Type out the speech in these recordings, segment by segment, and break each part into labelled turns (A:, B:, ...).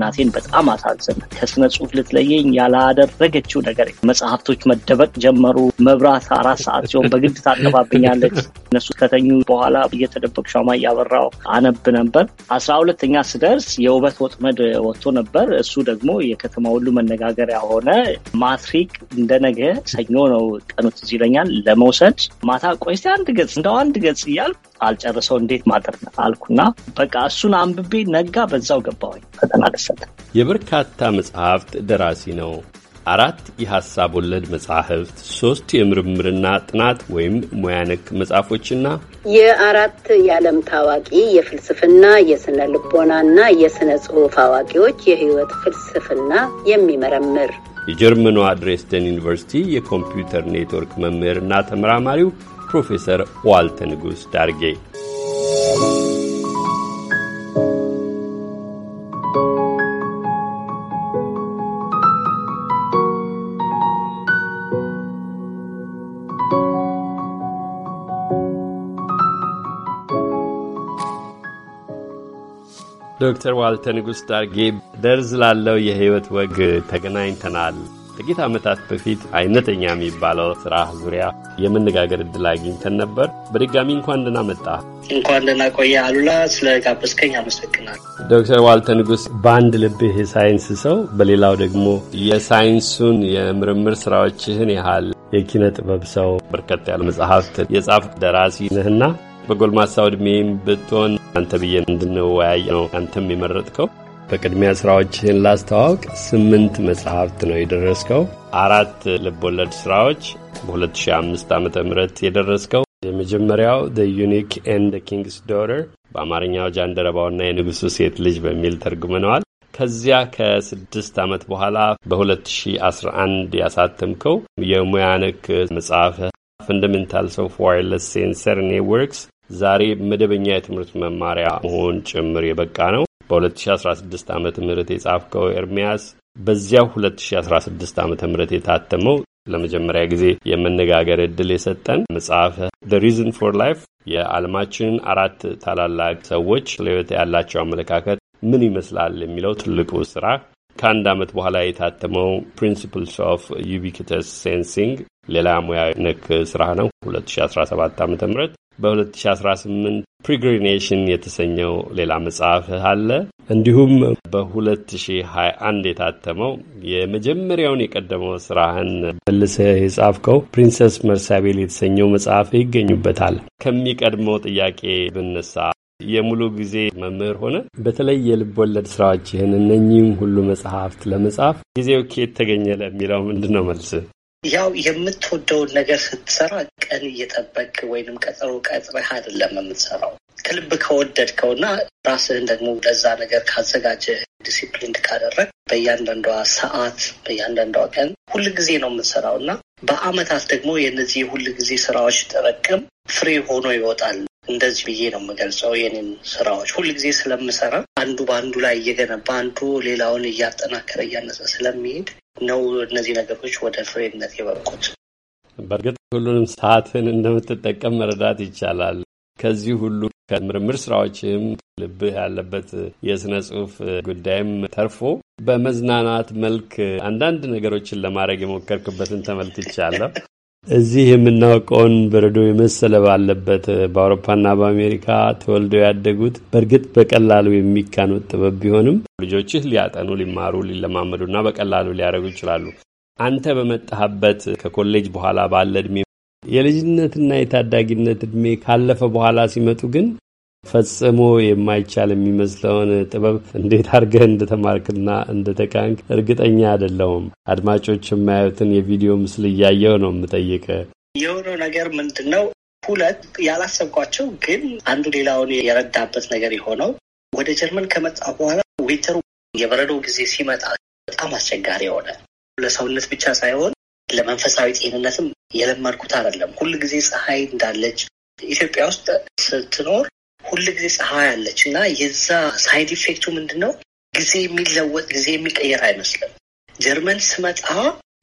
A: እናቴን በጣም አሳዝን። ከስነ ጽሁፍ ልትለየኝ ያላደረገችው ነገር መጽሐፍቶች መደበቅ ጀመሩ። መብራት አራት ሰዓት ሲሆን በግድ ታጠፋብኛለች። እነሱ ከተኙ በኋላ እየተደበቅ ሻማ እያበራው አነብ ነበር። አስራ ሁለተኛ ስደርስ የውበት ወጥመድ ወጥቶ ነበር። እሱ ደግሞ የከተማ ሁሉ መነጋገሪያ ሆነ። ማትሪክ እንደነገ ሰኞ ነው ቀኑ ትዝ ይለኛል ለመውሰድ ማታ ቆይስ አንድ ገጽ እንደው አንድ ገጽ እያልኩ አልጨርሰው እንዴት ማድር አልኩና በቃ እሱን አንብቤ ነጋ በዛው ገባሁኝ ፈተና ደሰት
B: የበርካታ መጽሐፍት ደራሲ ነው። አራት የሐሳብ ወለድ መጻሕፍት፣ ሶስት የምርምርና ጥናት ወይም ሙያነክ መጽሐፎችና
C: የአራት የዓለም ታዋቂ የፍልስፍና የሥነ ልቦናና የሥነ ጽሑፍ አዋቂዎች የሕይወት ፍልስፍና የሚመረምር
B: የጀርመኗ ድሬስደን ዩኒቨርሲቲ የኮምፒውተር ኔትወርክ መምህርና ተመራማሪው ፕሮፌሰር ዋልተ ንጉሥ ዳርጌ ዶክተር ዋልተ ንጉሥ ዳርጌ ደርዝ ላለው የሕይወት ወግ ተገናኝተናል። ከጥቂት ዓመታት በፊት አይነተኛ የሚባለው ስራ ዙሪያ የመነጋገር እድል አግኝተን ነበር። በድጋሚ እንኳን ደህና መጣ።
C: እንኳን ደህና ቆየ አሉላ። ስለ ጋበዝከኝ አመሰግናል።
B: ዶክተር ዋልተ ንጉሥ በአንድ ልብህ የሳይንስ ሰው፣ በሌላው ደግሞ የሳይንሱን የምርምር ስራዎችህን ያህል የኪነ ጥበብ ሰው፣ በርከት ያለ መጽሐፍት የጻፍ ደራሲ ነህና በጎልማሳ ዕድሜም ብትሆን አንተ ብዬ እንድንወያይ ነው አንተም የመረጥከው በቅድሚያ ስራዎችህን ላስተዋወቅ። ስምንት መጽሐፍት ነው የደረስከው። አራት ልቦለድ ስራዎች በ2005 ዓ ም የደረስከው የመጀመሪያው ዘ ዩኒክ ኤንድ ኪንግስ ዶተር በአማርኛው ጃንደረባውና የንጉሱ ሴት ልጅ በሚል ተርጉመነዋል። ከዚያ ከስድስት ዓመት በኋላ በ2011 ያሳተምከው የሙያ ነክ መጽሐፍ ፈንዳሜንታልስ ኦፍ ዋይርለስ ሴንሰር ኔትወርክስ ዛሬ መደበኛ የትምህርት መማሪያ መሆን ጭምር የበቃ ነው። በ2016 ዓ ም የጻፍከው ኤርሚያስ በዚያው 2016 ዓ ም የታተመው ለመጀመሪያ ጊዜ የመነጋገር እድል የሰጠን መጽሐፍ ዘ ሪዝን ፎር ላይፍ የዓለማችንን አራት ታላላቅ ሰዎች ለሕይወት ያላቸው አመለካከት ምን ይመስላል የሚለው ትልቁ ስራ ከአንድ ዓመት በኋላ የታተመው ፕሪንሲፕልስ ኦፍ ዩቢኪተስ ሴንሲንግ ሌላ ሙያ ነክ ስራ ነው 2017 ዓ ም በ2018 ፕሪግሪኔሽን የተሰኘው ሌላ መጽሐፍ አለ። እንዲሁም በ2021 የታተመው የመጀመሪያውን የቀደመው ስራህን መልሰ የጻፍከው ፕሪንሰስ መርሳቤል የተሰኘው መጽሐፍ ይገኙበታል። ከሚቀድመው ጥያቄ ብነሳ የሙሉ ጊዜ መምህር ሆነ በተለይ የልብ ወለድ ስራዎችህን እነኚህም ሁሉ መጽሐፍት ለመጻፍ ጊዜው ኬት ተገኘ ለሚለው ምንድን ነው መልስ?
C: ያው የምትወደውን ነገር ስትሰራ ቀን እየጠበቅ ወይንም ቀጠሮ ቀጥረህ አይደለም የምትሰራው። ከልብ ከወደድከው እና ራስህን ደግሞ ለዛ ነገር ካዘጋጀ ዲሲፕሊን ካደረግ በእያንዳንዷ ሰዓት በእያንዳንዷ ቀን ሁል ጊዜ ነው የምትሰራው እና በአመታት ደግሞ የእነዚህ የሁል ጊዜ ስራዎች ጥረቅም ፍሬ ሆኖ ይወጣል። እንደዚህ ብዬ ነው የምገልጸው የኔን ስራዎች ሁል ጊዜ ስለምሰራ አንዱ በአንዱ ላይ እየገነባ አንዱ ሌላውን እያጠናከረ እያነጸ ስለሚሄድ ነው እነዚህ ነገሮች ወደ ፍሬነት የበቁት።
B: በእርግጥ ሁሉንም ሰዓትን እንደምትጠቀም መረዳት ይቻላል። ከዚህ ሁሉ ከምርምር ስራዎችም ልብህ ያለበት የሥነ ጽሁፍ ጉዳይም ተርፎ በመዝናናት መልክ አንዳንድ ነገሮችን ለማድረግ የሞከርክበትን ተመልክቻለሁ። እዚህ የምናውቀውን በረዶ የመሰለ ባለበት በአውሮፓና በአሜሪካ ተወልደው ያደጉት በእርግጥ በቀላሉ የሚካኑት ጥበብ ቢሆንም ልጆችህ ሊያጠኑ፣ ሊማሩ፣ ሊለማመዱና በቀላሉ ሊያደርጉ ይችላሉ። አንተ በመጣህበት ከኮሌጅ በኋላ ባለ እድሜ የልጅነትና የታዳጊነት እድሜ ካለፈ በኋላ ሲመጡ ግን ፈጽሞ የማይቻል የሚመስለውን ጥበብ እንዴት አድርገህ እንደተማርክና እንደተቃንክ እርግጠኛ አይደለሁም። አድማጮች የማያዩትን የቪዲዮ ምስል እያየው ነው የምጠይቀ
C: የሆነው ነገር ምንድን ነው? ሁለት ያላሰብኳቸው ግን አንዱ ሌላውን የረዳበት ነገር የሆነው ወደ ጀርመን ከመጣ በኋላ ዊንተሩ የበረዶ ጊዜ ሲመጣ በጣም አስቸጋሪ የሆነ ለሰውነት ብቻ ሳይሆን ለመንፈሳዊ ጤንነትም የለመድኩት አይደለም። ሁል ጊዜ ፀሐይ እንዳለች ኢትዮጵያ ውስጥ ስትኖር ሁል ጊዜ ፀሐይ አለች እና የዛ ሳይድ ኢፌክቱ ምንድን ነው? ጊዜ የሚለወጥ ጊዜ የሚቀየር አይመስልም። ጀርመን ስመጣ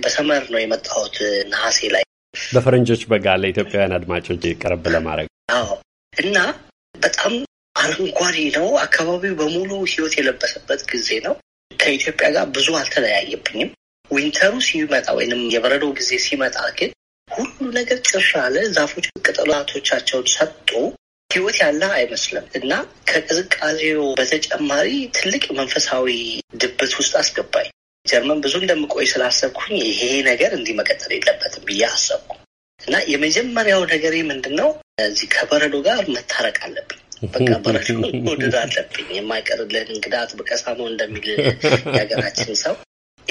C: በሰመር ነው የመጣሁት ነሐሴ ላይ
B: በፈረንጆች በጋ ለኢትዮጵያውያን አድማጮች ቀረብ ለማድረግ
C: አዎ። እና በጣም አረንጓዴ ነው አካባቢው በሙሉ ህይወት የለበሰበት ጊዜ ነው። ከኢትዮጵያ ጋር ብዙ አልተለያየብኝም። ዊንተሩ ሲመጣ ወይንም የበረዶ ጊዜ ሲመጣ ግን ሁሉ ነገር ጭር አለ። ዛፎች ቅጠላቶቻቸውን ሰጡ። ህይወት ያለህ አይመስልም እና ከቅዝቃዜው በተጨማሪ ትልቅ መንፈሳዊ ድብት ውስጥ አስገባኝ። ጀርመን ብዙ እንደምቆይ ስላሰብኩኝ ይሄ ነገር እንዲህ መቀጠል የለበትም ብዬ አሰብኩ እና የመጀመሪያው ነገሬ ምንድን ነው፣ እዚህ ከበረዶ ጋር መታረቅ አለብኝ። በቃ በረዶ መውደድ አለብኝ። የማይቀርልን እንግዳ አጥብቀ ሳመው የሀገራችን ሰው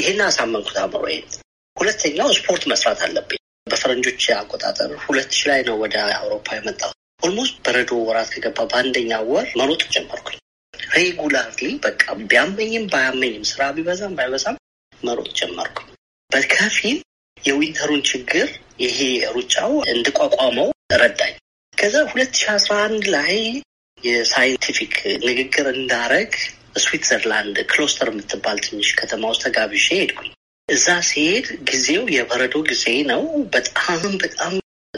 C: ይህን አሳመንኩት አእምሮዬን። ሁለተኛው ስፖርት መስራት አለብኝ። በፈረንጆች አቆጣጠር ሁለት ሺ ላይ ነው ወደ አውሮፓ የመጣው ኦልሞስት በረዶ ወራት ከገባ በአንደኛ ወር መሮጥ ጀመርኩኝ። ሬጉላርሊ በቃ ቢያመኝም ባያመኝም ስራ ቢበዛም ባይበዛም መሮጥ ጀመርኩኝ። በከፊል የዊንተሩን ችግር ይሄ ሩጫው እንድቋቋመው ረዳኝ። ከዛ ሁለት ሺ አስራ አንድ ላይ የሳይንቲፊክ ንግግር እንዳረግ ስዊትዘርላንድ ክሎስተር የምትባል ትንሽ ከተማ ውስጥ ተጋብዤ ሄድኩኝ። እዛ ሲሄድ ጊዜው የበረዶ ጊዜ ነው። በጣም በጣም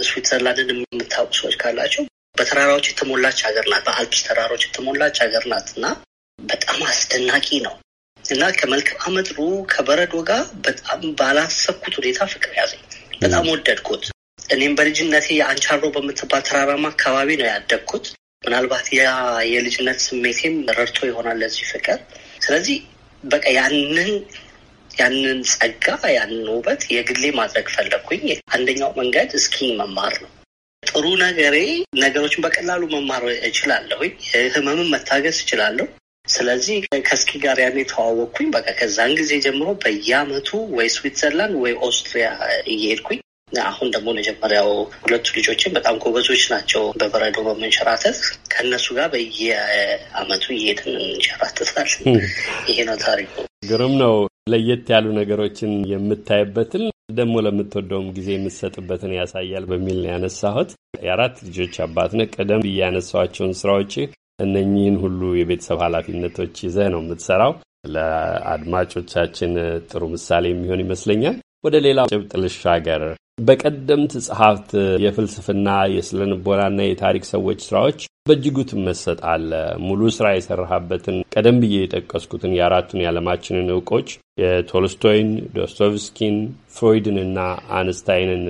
C: ስዊትዘርላንድን የምታውቁ ሰዎች ካላቸው በተራራዎች የተሞላች ሀገር ናት። በአልፕስ ተራራዎች የተሞላች ሀገር ናት እና በጣም አስደናቂ ነው እና ከመልክዓ ምድሩ ከበረዶ ጋር በጣም ባላሰብኩት ሁኔታ ፍቅር ያዘኝ። በጣም ወደድኩት። እኔም በልጅነቴ የአንቻሮ በምትባል ተራራማ አካባቢ ነው ያደግኩት። ምናልባት ያ የልጅነት ስሜቴም ረድቶ ይሆናል ለዚህ ፍቅር። ስለዚህ በቃ ያንን ያንን ጸጋ ያንን ውበት የግሌ ማድረግ ፈለግኩኝ። አንደኛው መንገድ እስኪ መማር ነው። ጥሩ ነገሬ ነገሮችን በቀላሉ መማር እችላለሁ። ህመምን መታገስ እችላለሁ። ስለዚህ ከስኪ ጋር ያን የተዋወቅኩኝ በቃ ከዛን ጊዜ ጀምሮ በየአመቱ ወይ ስዊትዘርላንድ ወይ ኦስትሪያ እየሄድኩኝ አሁን ደግሞ መጀመሪያው ሁለቱ ልጆችን በጣም ጎበዞች ናቸው። በበረዶ በምንሸራተት ከእነሱ ጋር በየአመቱ እየሄድን እንሸራተታለን። ይሄ ነው ታሪኩ።
B: ግሩም ነው። ለየት ያሉ ነገሮችን የምታይበትን ደግሞ ለምትወደውም ጊዜ የምትሰጥበትን ያሳያል በሚል ነው ያነሳሁት። የአራት ልጆች አባት ነህ። ቀደም ብዬ ያነሳኋቸውን ስራዎች እነኚህን ሁሉ የቤተሰብ ኃላፊነቶች ይዘህ ነው የምትሰራው። ለአድማጮቻችን ጥሩ ምሳሌ የሚሆን ይመስለኛል። ወደ ሌላ ጭብጥ ልሻገር። በቀደምት ጸሐፍት የፍልስፍና የስነ የታሪክ ሰዎች ስራዎች በእጅጉ ትመሰጣለ። ሙሉ ስራ የሰራሃበትን ቀደም ብዬ የጠቀስኩትን የአራቱን የዓለማችንን እውቆች የቶልስቶይን፣ ዶስቶቭስኪን፣ ፍሮይድንና አንስታይንን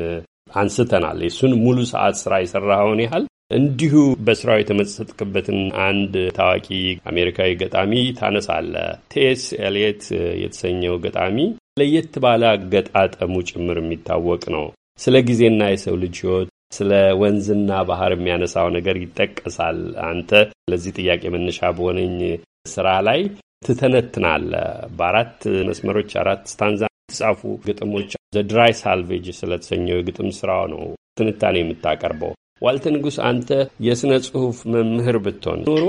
B: አንስተናል። የሱን ሙሉ ሰዓት ስራ የሰራኸውን ያህል እንዲሁ በስራው የተመሰጥክበትን አንድ ታዋቂ አሜሪካዊ ገጣሚ ታነሳለ። ቴስ ኤልየት የተሰኘው ገጣሚ ለየት ባለ አገጣጠሙ ጭምር የሚታወቅ ነው። ስለ ጊዜና የሰው ልጅ ሕይወት ስለ ወንዝና ባህር የሚያነሳው ነገር ይጠቀሳል። አንተ ለዚህ ጥያቄ መነሻ በሆነኝ ስራ ላይ ትተነትናለ። በአራት መስመሮች አራት ስታንዛ የተጻፉ ግጥሞች ዘድራይ ሳልቬጅ ስለተሰኘው የግጥም ስራው ነው ትንታኔ የምታቀርበው። ዋልተ ንጉሥ፣ አንተ የሥነ ጽሑፍ መምህር ብትሆን ኖሮ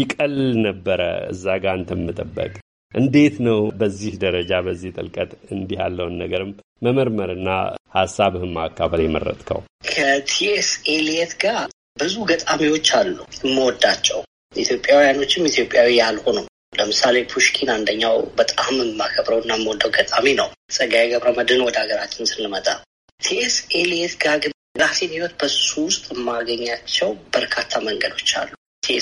B: ይቀል ነበረ እዛ ጋ አንተ መጠበቅ እንዴት ነው በዚህ ደረጃ በዚህ ጥልቀት እንዲህ ያለውን ነገርም መመርመርና ሀሳብህን ማካፈል የመረጥከው?
C: ከቲኤስ ኤሊየት ጋር ብዙ ገጣሚዎች አሉ የምወዳቸው ኢትዮጵያውያኖችም ኢትዮጵያዊ ያልሆኑ ለምሳሌ ፑሽኪን አንደኛው በጣም የማከብረው እና የምወደው ገጣሚ ነው። ጸጋዬ ገብረ መድን ወደ ሀገራችን ስንመጣ ቲኤስ ኤሊየት ጋር ግን ራሴን ህይወት በሱ ውስጥ የማገኛቸው በርካታ መንገዶች አሉ።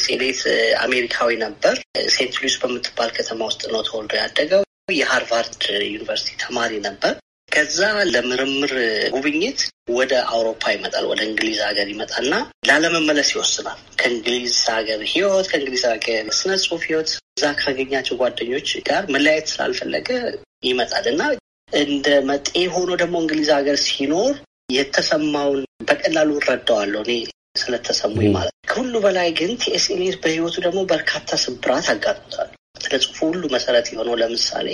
C: ሴሌት አሜሪካዊ ነበር። ሴንት ሉዊስ በምትባል ከተማ ውስጥ ነው ተወልዶ ያደገው። የሃርቫርድ ዩኒቨርሲቲ ተማሪ ነበር። ከዛ ለምርምር ጉብኝት ወደ አውሮፓ ይመጣል። ወደ እንግሊዝ ሀገር ይመጣና ላለመመለስ ይወስናል። ከእንግሊዝ ሀገር ህይወት፣ ከእንግሊዝ ሀገር ስነ ጽሁፍ ህይወት እዛ ካገኛቸው ጓደኞች ጋር መለያየት ስላልፈለገ ይመጣል እና እንደ መጤ ሆኖ ደግሞ እንግሊዝ ሀገር ሲኖር የተሰማውን በቀላሉ እረዳዋለሁ። እኔ ስለተሰሙኝ ማለት ነው። ከሁሉ በላይ ግን ቲኤስኤልኤ በህይወቱ ደግሞ በርካታ ስብራት አጋጥሞታል። ለጽሁፉ ሁሉ መሰረት የሆነው ለምሳሌ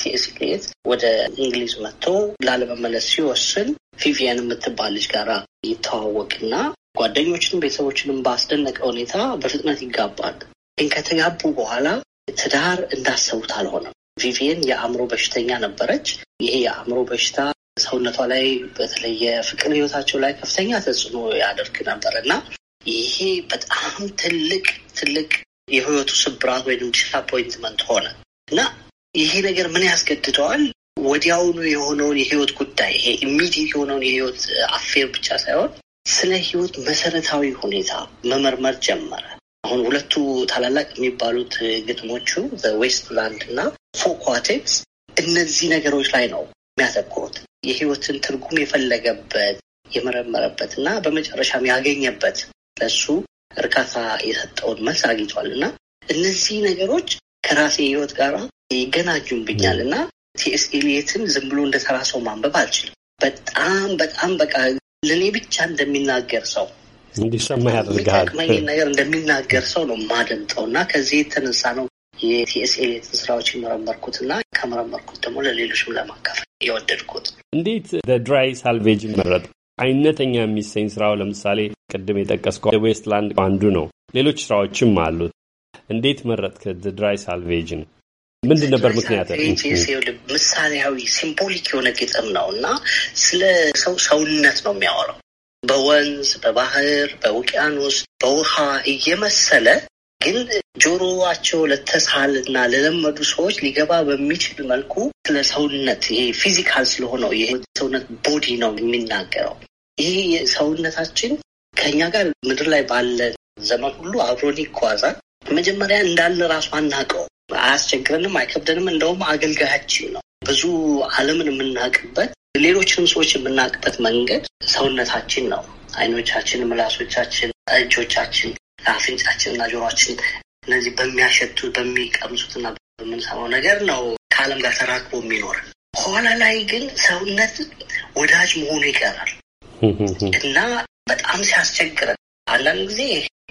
C: ቲኤስኤልኤ ወደ እንግሊዝ መጥቶ ላለመመለስ ሲወስን ቪቪየን የምትባል ልጅ ጋር ይተዋወቅና ጓደኞችንም ቤተሰቦችንም በአስደነቀ ሁኔታ በፍጥነት ይጋባል። ግን ከተጋቡ በኋላ ትዳር እንዳሰቡት አልሆነም። ቪቪየን የአእምሮ በሽተኛ ነበረች። ይሄ የአእምሮ በሽታ ሰውነቷ ላይ በተለየ ፍቅር ህይወታቸው ላይ ከፍተኛ ተጽዕኖ ያደርግ ነበር ይሄ በጣም ትልቅ ትልቅ የህይወቱ ስብራት ወይም ዲስአፖይንትመንት ሆነ እና ይሄ ነገር ምን ያስገድደዋል? ወዲያውኑ የሆነውን የህይወት ጉዳይ ይሄ ኢሚዲየት የሆነውን የህይወት አፌር ብቻ ሳይሆን ስለ ህይወት መሰረታዊ ሁኔታ መመርመር ጀመረ። አሁን ሁለቱ ታላላቅ የሚባሉት ግጥሞቹ ዌስትላንድ እና ፎኳቴክስ እነዚህ ነገሮች ላይ ነው የሚያተኩሩት የህይወትን ትርጉም የፈለገበት የመረመረበት እና በመጨረሻም ያገኘበት ለሱ እርካታ የሰጠውን መልስ አግኝቷል እና እነዚህ ነገሮች ከራሴ ህይወት ጋር ይገናጁብኛል እና ቲኤስ ኤሊየትን ዝም ብሎ እንደ ተራ ሰው ማንበብ አልችልም። በጣም በጣም በቃ ለእኔ ብቻ እንደሚናገር ሰው
B: እንዲሰማ ያደርግሃል። የሚጠቅመኝን ነገር
C: እንደሚናገር ሰው ነው ማደምጠው እና ከዚህ የተነሳ ነው የቲኤስኤ ስራዎችን መረመርኩትና ከመረመርኩት ደግሞ ለሌሎችም ለማካፈል የወደድኩት።
B: እንዴት ድራይ ሳልቬጅ መረጥ? አይነተኛ የሚሰኝ ስራው ለምሳሌ ቅድም የጠቀስከው ዌስትላንድ አንዱ ነው። ሌሎች ስራዎችም አሉት። እንዴት መረጥክ ድራይ ሳልቬጅን? ምንድን ነበር ምክንያት?
C: ምሳሌያዊ ሲምቦሊክ የሆነ ግጥም ነው እና ስለ ሰው ሰውነት ነው የሚያወራው። በወንዝ በባህር በውቅያኖስ በውሃ እየመሰለ ግን ጆሮዋቸው ና ለለመዱ ሰዎች ሊገባ በሚችል መልኩ ስለ ሰውነት ይሄ ፊዚካል ስለሆነው ይሄ ሰውነት ቦዲ ነው የሚናገረው። ይሄ ሰውነታችን ከኛ ጋር ምድር ላይ ባለ ዘመን ሁሉ አብሮን ይጓዛል። መጀመሪያ እንዳለ ራሱ አናውቀው፣ አያስቸግረንም፣ አይከብደንም። እንደውም አገልጋያችን ነው። ብዙ ዓለምን የምናውቅበት ሌሎችንም ሰዎች የምናውቅበት መንገድ ሰውነታችን ነው። አይኖቻችን፣ ምላሶቻችን፣ እጆቻችን እና ጆሯችን እነዚህ በሚያሸቱ በሚቀምሱትና በምንሰማው ነገር ነው ከዓለም ጋር ተራክቦ የሚኖር። ኋላ ላይ ግን ሰውነት ወዳጅ መሆኑ ይቀራል እና በጣም ሲያስቸግረን አንዳንድ ጊዜ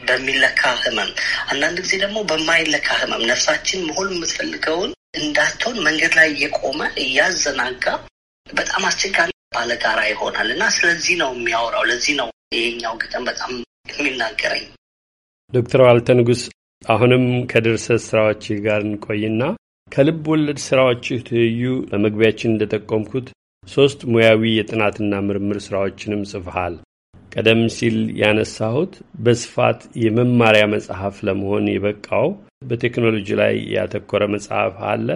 C: በሚለካ ህመም፣ አንዳንድ ጊዜ ደግሞ በማይለካ ህመም ነፍሳችን መሆን የምትፈልገውን እንዳትሆን መንገድ ላይ እየቆመ እያዘናጋ በጣም አስቸጋሪ ባለጋራ ይሆናል እና ስለዚህ ነው የሚያወራው። ለዚህ ነው ይሄኛው ግጥም በጣም የሚናገረኝ
B: ዶክተር ዋልተ ንጉስ አሁንም ከድርሰት ስራዎች ጋር እንቆይና ከልብ ወለድ ስራዎችህ ትይዩ በመግቢያችን እንደጠቆምኩት ሦስት ሙያዊ የጥናትና ምርምር ስራዎችንም ጽፈሃል። ቀደም ሲል ያነሳሁት በስፋት የመማሪያ መጽሐፍ ለመሆን የበቃው በቴክኖሎጂ ላይ ያተኮረ መጽሐፍ አለ።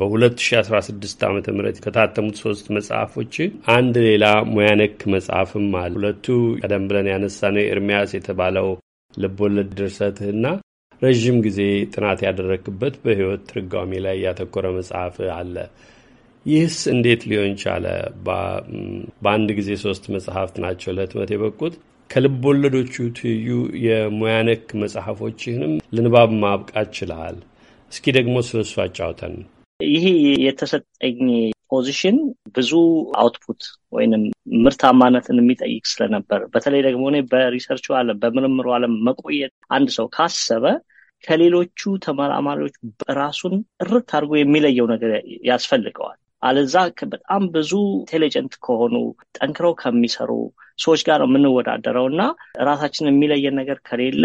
B: በ2016 ዓ ም ከታተሙት ሶስት መጽሐፎች አንድ ሌላ ሙያ ነክ መጽሐፍም አለ። ሁለቱ ቀደም ብለን ያነሳነው ኤርሚያስ የተባለው ልቦለድ ድርሰትህና ረዥም ጊዜ ጥናት ያደረክበት በሕይወት ትርጓሜ ላይ ያተኮረ መጽሐፍ አለ። ይህስ እንዴት ሊሆን ቻለ? በአንድ ጊዜ ሶስት መጽሐፍት ናቸው ለህትመት የበቁት። ከልብ ወለዶቹ ትይዩ የሙያ ነክ መጽሐፎችህንም ለንባብ ማብቃት ችልሃል። እስኪ ደግሞ ስለሱ አጫውተን።
A: ይሄ የተሰጠኝ ፖዚሽን ብዙ አውትፑት ወይንም ምርታማነትን የሚጠይቅ ስለነበር በተለይ ደግሞ እኔ በሪሰርቹ አለም በምርምሩ አለም መቆየት አንድ ሰው ካሰበ ከሌሎቹ ተመራማሪዎች ራሱን እርት አድርጎ የሚለየው ነገር ያስፈልገዋል። አለዛ በጣም ብዙ ኢንቴሊጀንት ከሆኑ ጠንክረው ከሚሰሩ ሰዎች ጋር ነው የምንወዳደረው እና ራሳችን የሚለየን ነገር ከሌለ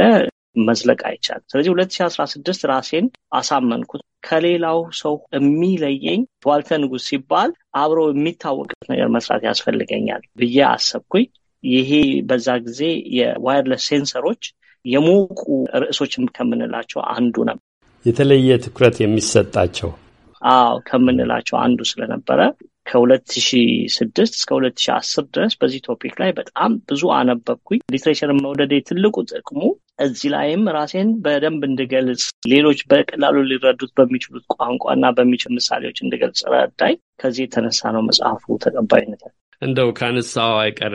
A: መዝለቅ አይቻልም። ስለዚህ ሁለት ሺህ አስራ ስድስት ራሴን አሳመንኩት። ከሌላው ሰው የሚለየኝ ዋልተ ንጉስ ሲባል አብሮ የሚታወቅበት ነገር መስራት ያስፈልገኛል ብዬ አሰብኩኝ። ይሄ በዛ ጊዜ የዋይርለስ ሴንሰሮች የሞቁ ርዕሶችም ከምንላቸው አንዱ ነው።
B: የተለየ ትኩረት የሚሰጣቸው
A: አዎ ከምንላቸው አንዱ ስለነበረ ከ2006 እስከ 2010 ድረስ በዚህ ቶፒክ ላይ በጣም ብዙ አነበብኩኝ። ሊትሬቸርን መውደዴ ትልቁ ጥቅሙ እዚህ ላይም ራሴን በደንብ እንድገልጽ ሌሎች በቀላሉ ሊረዱት በሚችሉት ቋንቋና በሚችል ምሳሌዎች እንድገልጽ ረዳኝ። ከዚህ የተነሳ ነው መጽሐፉ ተቀባይነት
B: እንደው ከአነሳው አይቀር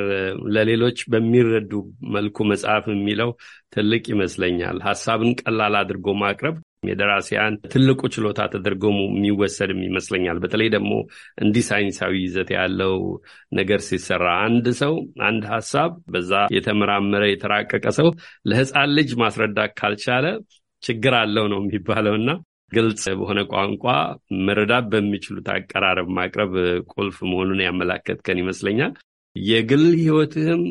B: ለሌሎች በሚረዱ መልኩ መጽሐፍ የሚለው ትልቅ ይመስለኛል። ሀሳብን ቀላል አድርጎ ማቅረብ የደራሲያን ትልቁ ችሎታ ተደርጎ የሚወሰድም ይመስለኛል። በተለይ ደግሞ እንዲህ ሳይንሳዊ ይዘት ያለው ነገር ሲሰራ አንድ ሰው አንድ ሀሳብ በዛ የተመራመረ የተራቀቀ ሰው ለሕፃን ልጅ ማስረዳት ካልቻለ ችግር አለው ነው የሚባለው እና ግልጽ በሆነ ቋንቋ መረዳት በሚችሉት አቀራረብ ማቅረብ ቁልፍ መሆኑን ያመላከትከን ይመስለኛል። የግል ህይወትህም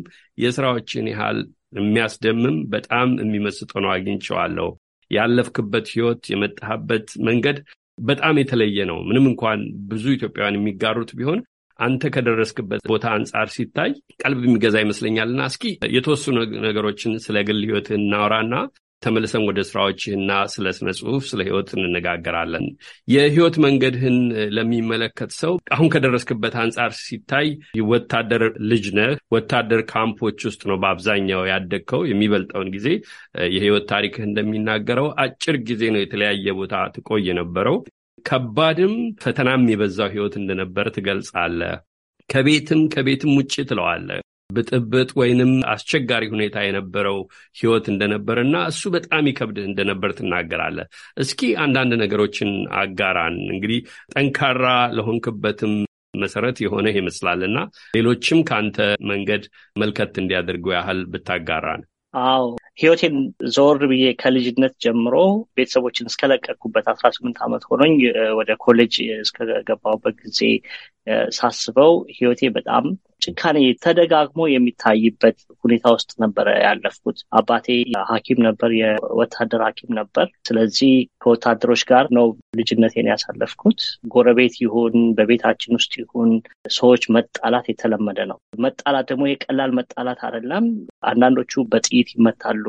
B: የስራዎችን ያህል የሚያስደምም በጣም የሚመስጥ ነው አግኝቼዋለሁ። ያለፍክበት ህይወት፣ የመጣህበት መንገድ በጣም የተለየ ነው። ምንም እንኳን ብዙ ኢትዮጵያውያን የሚጋሩት ቢሆን አንተ ከደረስክበት ቦታ አንጻር ሲታይ ቀልብ የሚገዛ ይመስለኛልና እስኪ የተወሰኑ ነገሮችን ስለ ግል ህይወትህ ተመልሰን ወደ ስራዎችህና ስለ ስነ ጽሁፍ፣ ስለ ህይወት እንነጋገራለን። የህይወት መንገድህን ለሚመለከት ሰው አሁን ከደረስክበት አንጻር ሲታይ ወታደር ልጅ ነህ። ወታደር ካምፖች ውስጥ ነው በአብዛኛው ያደግከው። የሚበልጠውን ጊዜ የህይወት ታሪክህ እንደሚናገረው አጭር ጊዜ ነው የተለያየ ቦታ ትቆይ የነበረው። ከባድም ፈተናም የበዛው ህይወት እንደነበር ትገልጻለህ። ከቤትም ከቤትም ውጭ ትለዋለህ። ብጥብጥ ወይንም አስቸጋሪ ሁኔታ የነበረው ህይወት እንደነበር እና እሱ በጣም ይከብድህ እንደነበር ትናገራለህ። እስኪ አንዳንድ ነገሮችን አጋራን። እንግዲህ ጠንካራ ለሆንክበትም መሰረት የሆነ ይመስላል እና ሌሎችም ከአንተ መንገድ መልከት እንዲያደርጉ ያህል ብታጋራን።
A: አዎ ህይወቴን ዞር ብዬ ከልጅነት ጀምሮ ቤተሰቦችን እስከለቀቅኩበት አስራ ስምንት ዓመት ሆኖኝ ወደ ኮሌጅ እስከገባሁበት ጊዜ ሳስበው ህይወቴ በጣም ጭካኔ ተደጋግሞ የሚታይበት ሁኔታ ውስጥ ነበረ ያለፍኩት። አባቴ ሐኪም ነበር፣ የወታደር ሐኪም ነበር። ስለዚህ ከወታደሮች ጋር ነው ልጅነቴን ያሳለፍኩት። ጎረቤት ይሁን በቤታችን ውስጥ ይሁን ሰዎች መጣላት የተለመደ ነው። መጣላት ደግሞ የቀላል መጣላት አይደለም። አንዳንዶቹ በጥይት ይመታሉ፣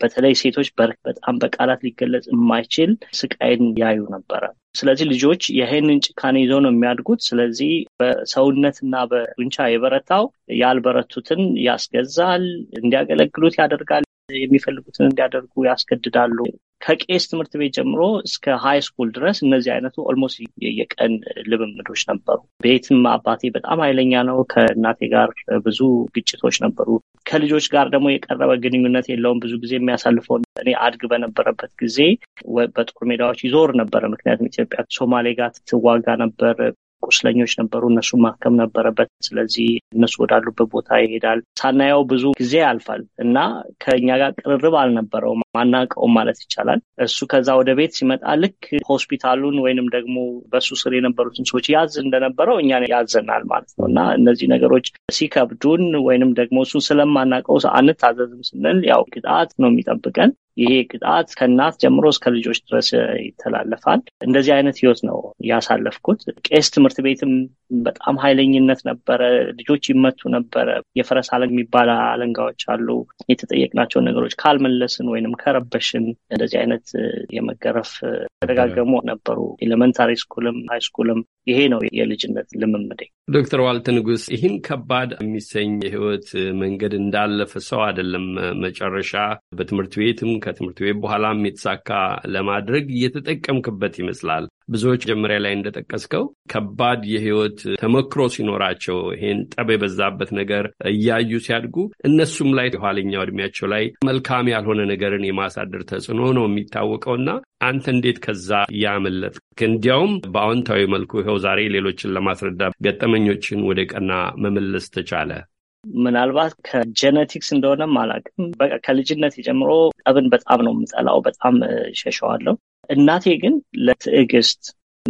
A: በተለይ ሴቶች በጣም በቃላት ሊገለጽ የማይችል ስቃይን ያዩ ነበረ። ስለዚህ ልጆች ይህንን ጭካኔ ይዘው ነው የሚያድጉት። ስለዚህ በሰውነትና በጡንቻ የበረታው ያልበረቱትን ያስገዛል፣ እንዲያገለግሉት ያደርጋል፣ የሚፈልጉትን እንዲያደርጉ ያስገድዳሉ። ከቄስ ትምህርት ቤት ጀምሮ እስከ ሀይ ስኩል ድረስ እነዚህ አይነቱ ኦልሞስት የቀን ልምምዶች ነበሩ። ቤትም አባቴ በጣም ኃይለኛ ነው። ከእናቴ ጋር ብዙ ግጭቶች ነበሩ። ከልጆች ጋር ደግሞ የቀረበ ግንኙነት የለውም። ብዙ ጊዜ የሚያሳልፈውን እኔ አድግ በነበረበት ጊዜ በጦር ሜዳዎች ይዞር ነበረ። ምክንያቱም ኢትዮጵያ ሶማሌ ጋር ትዋጋ ነበር። ቁስለኞች ነበሩ፣ እነሱ ማከም ነበረበት። ስለዚህ እነሱ ወዳሉበት ቦታ ይሄዳል። ሳናየው ብዙ ጊዜ ያልፋል እና ከእኛ ጋር ቅርርብ አልነበረውም። ማናቀውም ማለት ይቻላል። እሱ ከዛ ወደ ቤት ሲመጣ ልክ ሆስፒታሉን ወይንም ደግሞ በሱ ስር የነበሩትን ሰዎች ያዝ እንደነበረው እኛን ያዘናል ማለት ነው እና እነዚህ ነገሮች ሲከብዱን ወይንም ደግሞ እሱን ስለማናቀው አንታዘዝም ስንል ያው ቅጣት ነው የሚጠብቀን። ይሄ ቅጣት ከእናት ጀምሮ እስከ ልጆች ድረስ ይተላለፋል። እንደዚህ አይነት ህይወት ነው ያሳለፍኩት። ቄስ ትምህርት ቤትም በጣም ኃይለኝነት ነበረ። ልጆች ይመቱ ነበረ። የፈረስ አለንጋ የሚባል አለንጋዎች አሉ። የተጠየቅናቸውን ነገሮች ካልመለስን ወይንም ከረበሽን እንደዚህ አይነት የመገረፍ ተደጋገሙ ነበሩ። ኤሌመንታሪ ስኩልም ሃይ ስኩልም ይሄ ነው የልጅነት ልምምዴ።
B: ዶክተር ዋልተ ንጉስ ይህን ከባድ የሚሰኝ የህይወት መንገድ እንዳለፈ ሰው አይደለም መጨረሻ በትምህርት ቤትም ከትምህርት ቤት በኋላም የተሳካ ለማድረግ እየተጠቀምክበት ይመስላል። ብዙዎች መጀመሪያ ላይ እንደጠቀስከው ከባድ የህይወት ተመክሮ ሲኖራቸው ይህን ጠብ የበዛበት ነገር እያዩ ሲያድጉ እነሱም ላይ የኋለኛው እድሜያቸው ላይ መልካም ያልሆነ ነገርን የማሳደር ተጽዕኖ ነው የሚታወቀውና አንተ እንዴት ከዛ ያመለጥክ? እንዲያውም በአዎንታዊ መልኩ ይኸው ዛሬ ሌሎችን ለማስረዳት ገጠመኞችን ወደ ቀና መመለስ ተቻለ።
A: ምናልባት ከጀነቲክስ እንደሆነም አላውቅም። በቃ ከልጅነት ጀምሮ ጠብን በጣም ነው የምጠላው፣ በጣም ሸሸዋለሁ። እናቴ ግን ለትዕግስት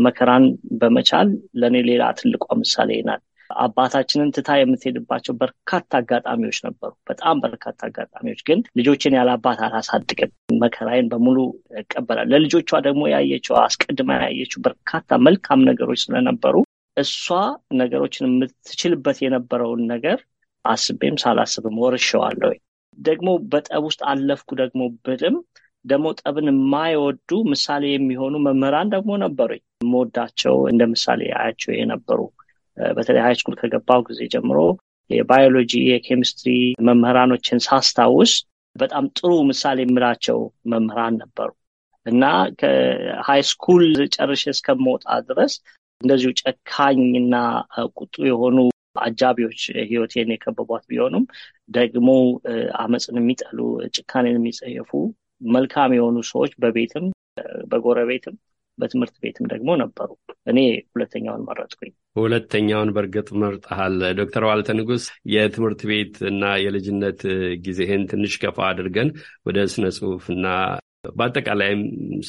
A: መከራን በመቻል ለእኔ ሌላ ትልቋ ምሳሌ ናት። አባታችንን ትታ የምትሄድባቸው በርካታ አጋጣሚዎች ነበሩ። በጣም በርካታ አጋጣሚዎች። ግን ልጆችን ያለ አባት አላሳድግም፣ መከራዬን በሙሉ እቀበላለሁ። ለልጆቿ ደግሞ ያየችው አስቀድማ ያየችው በርካታ መልካም ነገሮች ስለነበሩ እሷ ነገሮችን የምትችልበት የነበረውን ነገር አስቤም ሳላስብም ወርሸዋለሁ። ደግሞ በጠብ ውስጥ አለፍኩ ደግሞ ብልም ደግሞ ጠብን የማይወዱ ምሳሌ የሚሆኑ መምህራን ደግሞ ነበሩኝ። የምወዳቸው እንደ ምሳሌ አያቸው የነበሩ በተለይ ሀይ ስኩል ከገባው ጊዜ ጀምሮ የባዮሎጂ የኬሚስትሪ መምህራኖችን ሳስታውስ በጣም ጥሩ ምሳሌ የምላቸው መምህራን ነበሩ እና ከሀይ ስኩል ጨርሼ እስከመውጣ ድረስ እንደዚሁ ጨካኝና ቁጡ የሆኑ አጃቢዎች ህይወቴን የከበቧት ቢሆኑም ደግሞ አመፅን የሚጠሉ ጭካኔን የሚጸየፉ መልካም የሆኑ ሰዎች በቤትም በጎረቤትም በትምህርት ቤትም ደግሞ ነበሩ። እኔ ሁለተኛውን መረጥኩኝ።
B: ሁለተኛውን በእርግጥ መርጠሃል። ዶክተር ዋልተ ንጉስ የትምህርት ቤት እና የልጅነት ጊዜህን ትንሽ ገፋ አድርገን ወደ ስነ ጽሁፍና በአጠቃላይም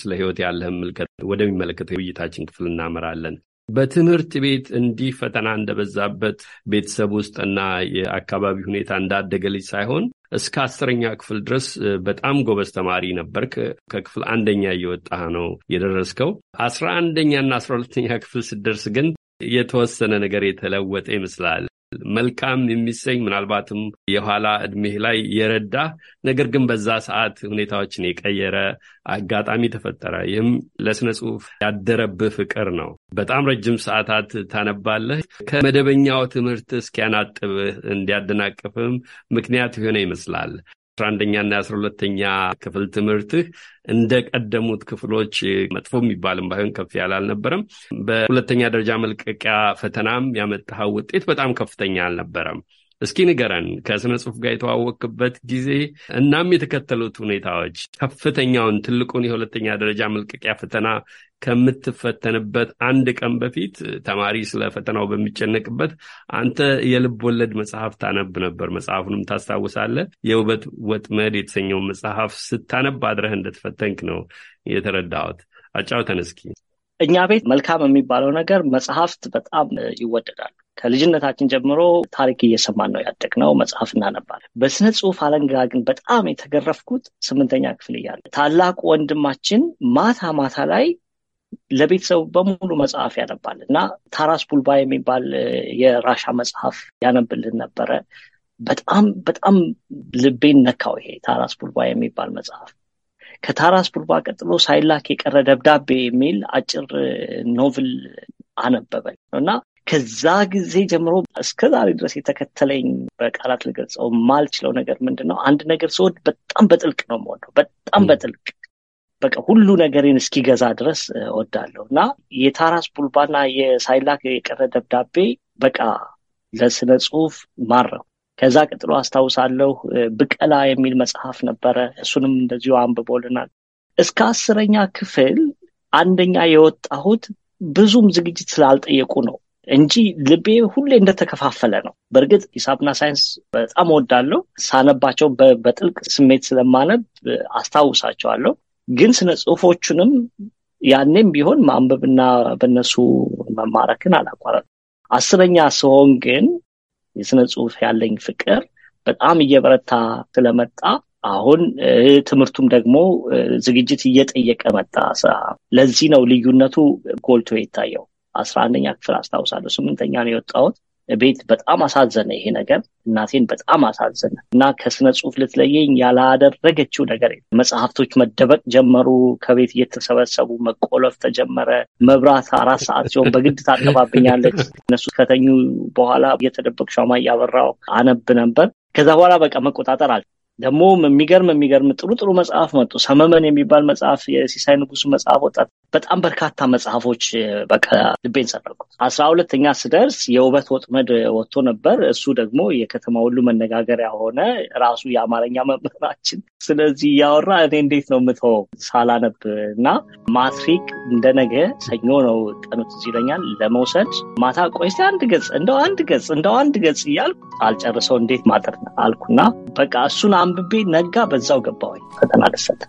B: ስለ ህይወት ያለህን ምልከት ወደሚመለከተው ውይይታችን ክፍል እናመራለን። በትምህርት ቤት እንዲህ ፈተና እንደበዛበት ቤተሰብ ውስጥና የአካባቢ ሁኔታ እንዳደገ ልጅ ሳይሆን እስከ አስረኛ ክፍል ድረስ በጣም ጎበዝ ተማሪ ነበር። ከክፍል አንደኛ እየወጣ ነው የደረስከው። አስራ አንደኛና አስራ ሁለተኛ ክፍል ስትደርስ ግን የተወሰነ ነገር የተለወጠ ይመስላል። መልካም የሚሰኝ ምናልባትም የኋላ እድሜህ ላይ የረዳ ነገር ግን በዛ ሰዓት ሁኔታዎችን የቀየረ አጋጣሚ ተፈጠረ። ይህም ለስነ ጽሁፍ ያደረብህ ፍቅር ነው። በጣም ረጅም ሰዓታት ታነባለህ። ከመደበኛው ትምህርት እስኪያናጥብህ እንዲያደናቅፍም ምክንያት የሆነ ይመስላል። አስራ አንደኛና የአስራ ሁለተኛ ክፍል ትምህርትህ እንደ ቀደሙት ክፍሎች መጥፎ የሚባልም ባይሆን ከፍ ያለ አልነበረም። በሁለተኛ ደረጃ መልቀቂያ ፈተናም ያመጣኸው ውጤት በጣም ከፍተኛ አልነበረም። እስኪ ንገረን ከስነ ጽሑፍ ጋር የተዋወቅበት ጊዜ እናም የተከተሉት ሁኔታዎች ከፍተኛውን ትልቁን የሁለተኛ ደረጃ መልቀቂያ ፈተና ከምትፈተንበት አንድ ቀን በፊት ተማሪ ስለ ፈተናው በሚጨነቅበት አንተ የልብ ወለድ መጽሐፍ ታነብ ነበር። መጽሐፉንም ታስታውሳለህ። የውበት ወጥመድ የተሰኘውን መጽሐፍ ስታነብ አድረህ እንደተፈተንክ ነው የተረዳሁት። አጫውተን እስኪ።
A: እኛ ቤት መልካም የሚባለው ነገር መጽሐፍት በጣም ይወደዳሉ። ከልጅነታችን ጀምሮ ታሪክ እየሰማን ነው ያደግነው። መጽሐፍ እናነባለን። በስነ ጽሁፍ አለንጋ ግን በጣም የተገረፍኩት ስምንተኛ ክፍል እያለ ታላቁ ወንድማችን ማታ ማታ ላይ ለቤተሰቡ በሙሉ መጽሐፍ ያነባል እና ታራስ ቡልባ የሚባል የራሻ መጽሐፍ ያነብልን ነበረ። በጣም በጣም ልቤን ነካው ይሄ ታራስ ቡልባ የሚባል መጽሐፍ። ከታራስ ቡልባ ቀጥሎ ሳይላክ የቀረ ደብዳቤ የሚል አጭር ኖቭል አነበበን እና ከዛ ጊዜ ጀምሮ እስከ ዛሬ ድረስ የተከተለኝ በቃላት ልገልጸው ማልችለው ነገር ምንድን ነው? አንድ ነገር ስወድ በጣም በጥልቅ ነው የምወደው። በጣም በጥልቅ በቃ ሁሉ ነገሬን እስኪገዛ ድረስ ወዳለሁ እና የታራስ ቡልባና የሳይላክ የቀረ ደብዳቤ በቃ ለስነ ጽሁፍ ማረው። ከዛ ቀጥሎ አስታውሳለሁ ብቀላ የሚል መጽሐፍ ነበረ። እሱንም እንደዚሁ አንብቦልናል። እስከ አስረኛ ክፍል አንደኛ የወጣሁት ብዙም ዝግጅት ስላልጠየቁ ነው። እንጂ ልቤ ሁሌ እንደተከፋፈለ ነው። በእርግጥ ሂሳብና ሳይንስ በጣም እወዳለሁ። ሳነባቸው በጥልቅ ስሜት ስለማነብ አስታውሳቸዋለሁ። ግን ስነ ጽሁፎቹንም ያኔም ቢሆን ማንበብና በነሱ መማረክን አላቋረጥም። አስረኛ ስሆን ግን የስነ ጽሁፍ ያለኝ ፍቅር በጣም እየበረታ ስለመጣ አሁን ትምህርቱም ደግሞ ዝግጅት እየጠየቀ መጣ። ለዚህ ነው ልዩነቱ ጎልቶ የታየው። አስራ አንደኛ ክፍል አስታውሳለሁ ስምንተኛ ነው የወጣሁት። ቤት በጣም አሳዘነ ይሄ ነገር፣ እናቴን በጣም አሳዘነ እና ከስነ ጽሁፍ ልትለየኝ ያላደረገችው ነገር መጽሐፍቶች መደበቅ ጀመሩ። ከቤት እየተሰበሰቡ መቆለፍ ተጀመረ። መብራት አራት ሰዓት ሲሆን በግድ ታጠፋብኛለች። እነሱ ከተኙ በኋላ እየተደበቅ ሻማ እያበራው አነብ ነበር። ከዛ በኋላ በቃ መቆጣጠር አለ ደግሞ የሚገርም የሚገርም ጥሩ ጥሩ መጽሐፍ መጡ። ሰመመን የሚባል መጽሐፍ የሲሳይ ንጉሱ መጽሐፍ ወጣት በጣም በርካታ መጽሐፎች በቃ ልቤን ሰረቁ። አስራ ሁለተኛ ስደርስ የውበት ወጥመድ ወጥቶ ነበር። እሱ ደግሞ የከተማ ሁሉ መነጋገሪያ ሆነ ራሱ የአማርኛ መምህራችን። ስለዚህ እያወራ እኔ እንዴት ነው ምተው ሳላነብ እና ማትሪክ እንደነገ ሰኞ ነው ቀኑ ትዝ ይለኛል ለመውሰድ ማታ ቆይ አንድ ገጽ እንደው አንድ ገጽ እንደው አንድ ገጽ እያልኩ አልጨርሰው እንዴት ማጠር አልኩና በቃ እሱን አንብቤ ነጋ፣ በዛው ገባሁኝ ፈተና ደሰተ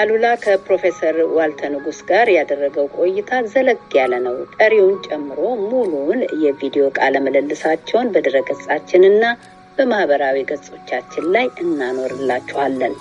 C: አሉላ ከፕሮፌሰር ዋልተ ንጉስ ጋር ያደረገው ቆይታ ዘለግ ያለ ነው። ቀሪውን ጨምሮ ሙሉውን የቪዲዮ ቃለ ምልልሳቸውን በድረ በማህበራዊ ገጾቻችን ላይ እናኖርላችኋለን።